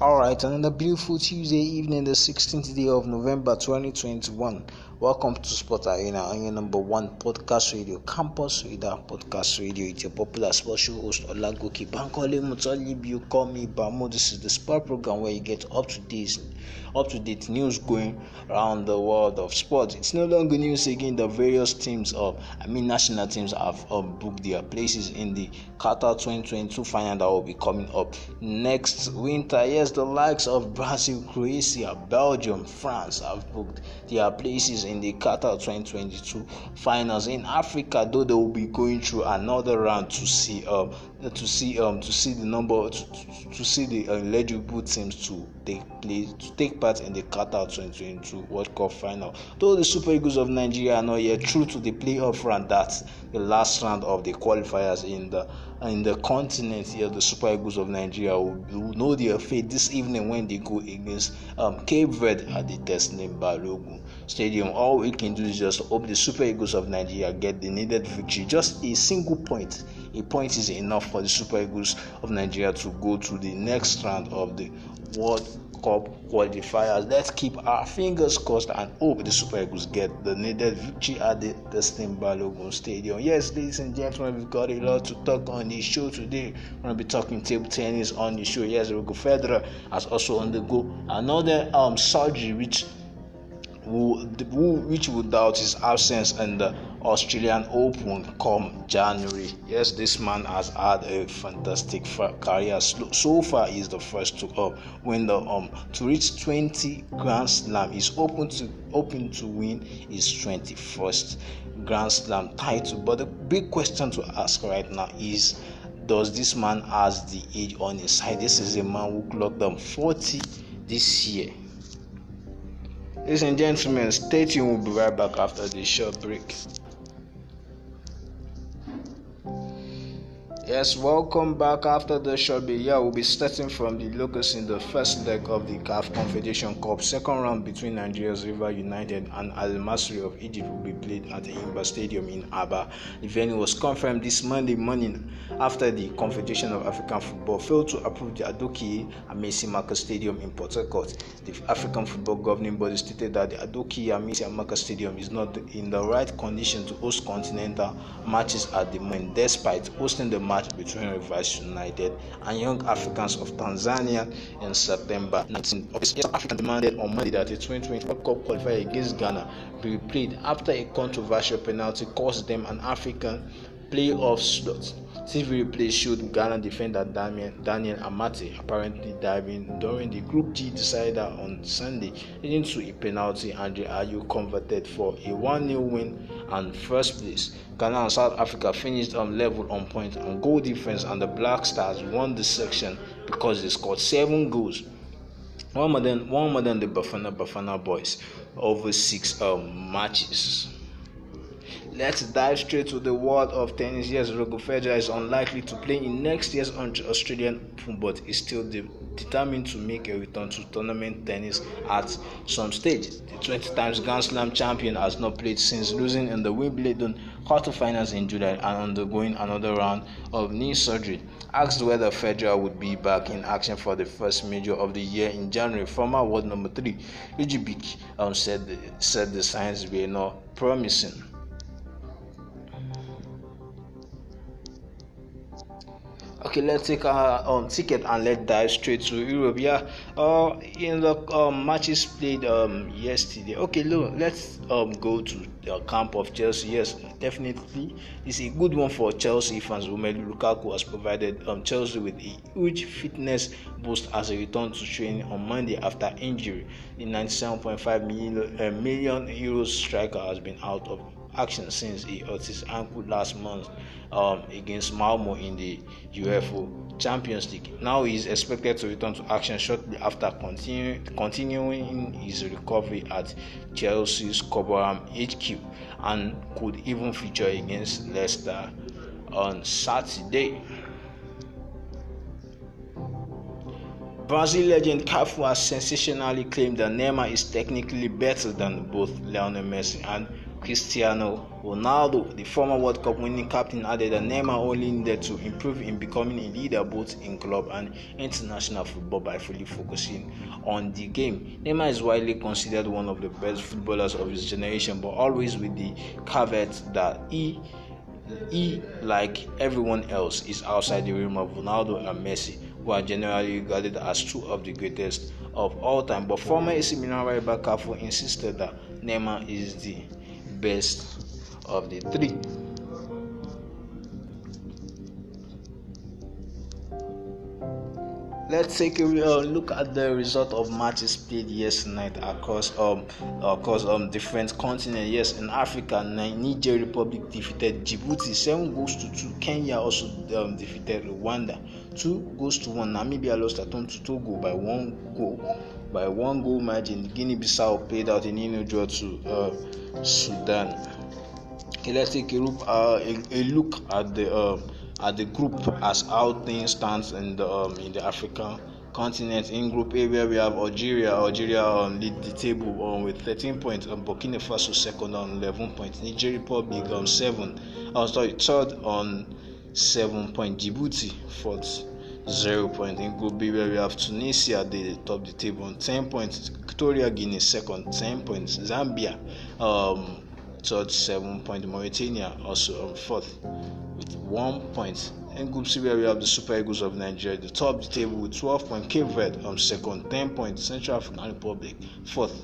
All right, another beautiful Tuesday evening, the 16th day of November 2021. Welcome to Sport Arena on your number one podcast radio, Campus Radio Podcast Radio. It's your popular sports show host, Olagoki Bankole Mutali. You call me Bamo. This is the sport program where you get up to date, up to date news going around the world of sports. It's no longer news again. The various teams of, I mean, national teams have uh, booked their places in the Qatar 2022 final that will be coming up next winter. Yes, the likes of Brazil, Croatia, Belgium, France have booked their places in the Qatar 2022 finals in Africa, though they will be going through another round to see um to see um to see the number to, to see the uh, eligible teams to take place to take part in the Qatar 2022 World Cup final. Though the Super Eagles of Nigeria are not yet through to the playoff round, that's the last round of the qualifiers in the in the continent here, the Super Eagles of Nigeria will, will know their fate this evening when they go against um, Cape Verde at the Teslim Balogun Stadium. All we can do is just hope the Super Eagles of Nigeria get the needed victory, just a single point a point is enough for the Super Eagles of Nigeria to go to the next round of the World Cup qualifiers. Let's keep our fingers crossed and hope the Super Eagles get the needed victory at the Destin Balogun Stadium. Yes, ladies and gentlemen, we've got a lot to talk on the show today. We're going to be talking table tennis on the show. Yes, Roger Federer has also undergo another um, surgery which who, which will doubt his absence in the Australian Open come January. Yes, this man has had a fantastic career. So far, he's the first to uh, win the um to reach 20 Grand Slam. He's open to open to win his 21st Grand Slam title. But the big question to ask right now is. Does this man has the age on his side? This is a man who clocked them 40 this year. Ladies and gentlemen, stay tuned. We'll be right back after this short break. Yes, welcome back after the short break. Yeah, we'll be starting from the locus in the first leg of the CAF Confederation Cup. Second round between Nigeria's River United and Al Masri of Egypt will be played at the Imba Stadium in Aba. The venue was confirmed this Monday morning after the Confederation of African Football failed to approve the Adoki Amesi Maka Stadium in Port Harcourt. The African Football Governing Body stated that the Adoki Amesi Maka Stadium is not in the right condition to host continental matches at the moment, despite hosting the match match between Revised United and Young Africans of Tanzania in September 19. South Africa demanded on Monday that the 2024 Cup qualifier against Ghana be replayed after a controversial penalty cost them an African playoff slot. TV replay showed Ghana defender Daniel Amate apparently diving during the Group G decider on Sunday, leading to a penalty Andre Ayew converted for a 1 0 win and first place. Ghana and South Africa finished on level on point and goal difference, and the Black Stars won the section because they scored seven goals. One more than one more than the Bafana Bafana boys over six um, matches. Let's dive straight to the world of tennis. Yes, Roger Federer is unlikely to play in next year's Australian Open, but is still de- determined to make a return to tournament tennis at some stage. The 20 times Grand Slam champion has not played since losing in the Wimbledon quarterfinals in July and undergoing another round of knee surgery. Asked whether Federer would be back in action for the first major of the year in January, former world number three Luigi Bic um, said, said the signs were not promising. okay, let's take our um, ticket and let's dive straight to Europe. Yeah, uh, in the um, matches played um, yesterday. Okay, look, let's um, go to the camp of Chelsea. Yes, definitely, it's a good one for Chelsea fans. Romelu Lukaku has provided um, Chelsea with a huge fitness boost as a return to training on Monday after injury. The 97.5 million, uh, million euros striker has been out of action since he hurt his ankle last month um, against Malmo in the UFO Champions League. Now he is expected to return to action shortly after continue, continuing his recovery at Chelsea's Cobham HQ and could even feature against Leicester on Saturday. Brazil legend Cafu has sensationally claimed that Neymar is technically better than both Lionel Messi and Cristiano Ronaldo, the former World Cup winning captain, added that Neymar only needed to improve in becoming a leader both in club and international football by fully focusing on the game. Neymar is widely considered one of the best footballers of his generation, but always with the caveat that he he, like everyone else, is outside the realm of Ronaldo and Messi, who are generally regarded as two of the greatest of all time. But former AC Milan rival Cafu insisted that Neymar is the best of the three. Let's take a uh, look at the result of matches played yesterday night across um across um different continents. Yes, in Africa, Niger Republic defeated Djibouti seven goals to two. Kenya also um, defeated Rwanda two goals to one. Namibia lost at home to Togo by one goal. by one goal margin. Guinea-Bissau paid out a nil draw to uh, Sudan. Okay, let's take a look, uh, a, a look at the uh, at the group as how things stands in the um, in the African continent. In Group A, where we have Algeria, Algeria um, lead the table um, with 13 points, and Burkina Faso second on 11 points, Niger Republic on um, seven, oh sorry third on seven points, Djibouti fourth 0 points. In Group B, where we have Tunisia at the top of the table on 10 points, Victoria Guinea second, 10 points, Zambia um, third, 7 points, Mauritania also on um, fourth with 1 point. In Group C, where we have the Super Eagles of Nigeria, the top of the table with 12 points, Cape Verde on um, second, 10 points, Central African Republic fourth,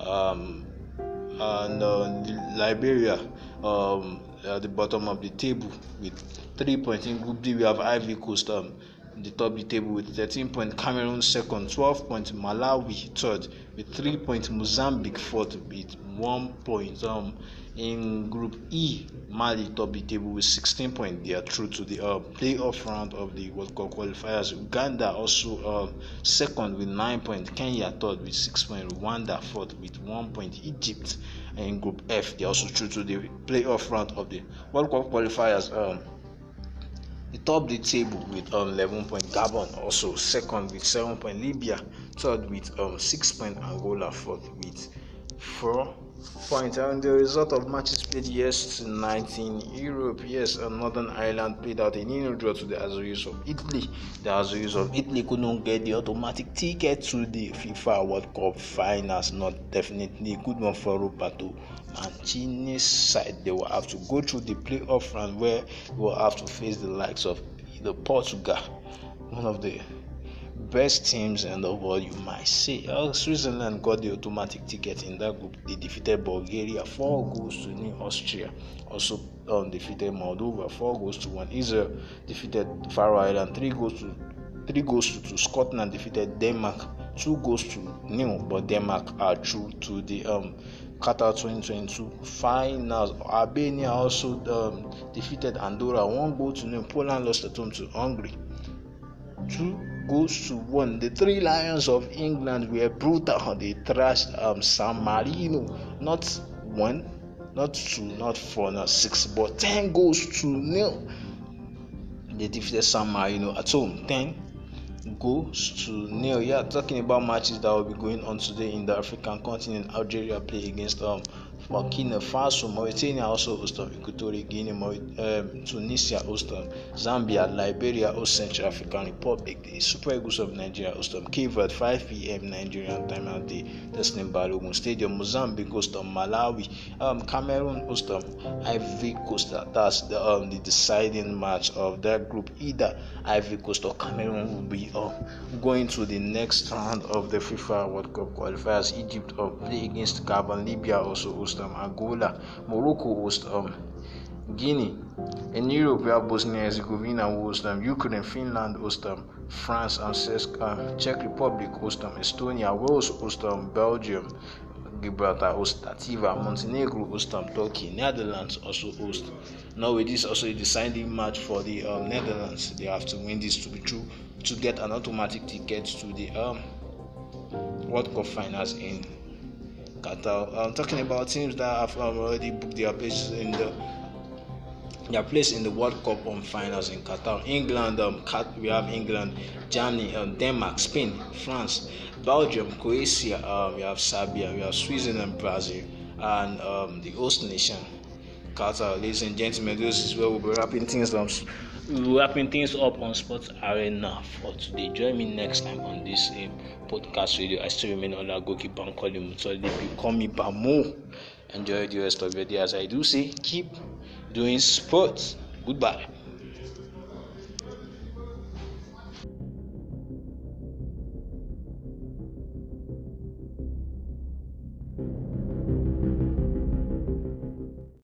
um, and uh, Liberia um, at the bottom of the table with three points. In Group D, we have Ivory Coast. Um, in the top of the table with 13 point Cameroon second, 12 point Malawi third, with 3 point Mozambique fourth with 1 point. Um, in Group E, Mali top the table with 16 points. They are through to the uh, playoff round of the World Cup qualifiers. Uganda also uh, second with 9 points. Kenya third with 6 points. Rwanda fourth with 1 point. Egypt in Group F, they are also through to the playoff round of the World Cup qualifiers. Um, they top the table with um, 11 point Gabon, also second with 7 point Libya, third with um, 6 point Angola, fourth with 4 point and the result of matches played yes in Europe. Yes, and Northern Ireland played out a nil draw to the Azores of Italy. The Azores of Italy couldn't get the automatic ticket to the FIFA World Cup finals. Not definitely a good one for Roberto Mancini's side. They will have to go through the playoff round where they will have to face the likes of the Portugal, one of the best teams in the world, you might say. Oh, Switzerland got the automatic ticket in that group. They defeated Bulgaria four goals to nil. Austria also um, defeated Moldova four goals to one. Israel defeated Faroe Island three goals to three goals to two. Scotland defeated Denmark two goals to nil, but Denmark are through to the um, Qatar 2022 finals. Albania also um, defeated Andorra one goal to nil. Poland lost at home to Hungary two goes to one. The three lions of England were brutal. They thrashed um, San Marino, not one, not two, not four, not six, but ten goes to nil. They defeated San Marino at home. Ten goes to nil. Yeah, talking about matches that will be going on today in the African continent. Algeria play against um Burkina Faso, Mauritania also host of Equatorial Guinea, um, Tunisia host of Zambia, Liberia host Central African Republic, the Super Eagles of Nigeria host of Cape at 5 p.m. Nigerian time at the Destin Balogun Stadium, Mozambique host of Malawi, um, Cameroon host of Ivory Coast. That's the, um, the deciding match of that group. Either Ivory Coast or Cameroon will be uh, going to the next round of the FIFA World Cup qualifiers. Egypt will play against Gabon, Libya also host host um, Angola. Morocco host um, Guinea. In Europe, we have Bosnia and Herzegovina host um, Ukraine, Finland host um, France, and uh, um, Czech Republic host um, Estonia, Wales host um, Belgium, Gibraltar host Tativa, Montenegro host um, Turkey, Netherlands also host Norway. This also a deciding match for the um, Netherlands. They have to win this to be true to get an automatic ticket to the um, World Cup finals in Qatar. I'm talking about teams that have um, already booked their place in the their place in the World Cup on finals in Qatar. England, um, we have England, Germany, um, Denmark, Spain, France, Belgium, Croatia. Um, we have Serbia, we have Switzerland, Brazil, and um, the host nation Carter. Ladies and gentlemen, this is where we'll be wrapping things up. Wrapping things up on Sports Arena for today. Join me next time on this uh, podcast video. I still remain on Olagoki Bankole Mutoli. Call me Bamu. Enjoy the rest of your day. As I do say, keep doing sports. Goodbye.